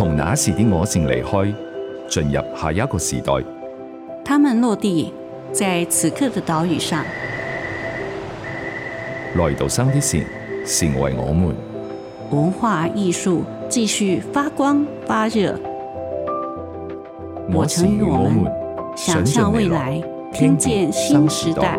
從那時的我城離開，進入下一個時代。他們落地在此刻的島嶼上，來到生的時，成為我們。文化藝術繼續發光發熱。我城與我們，想象未來，聽見新時代。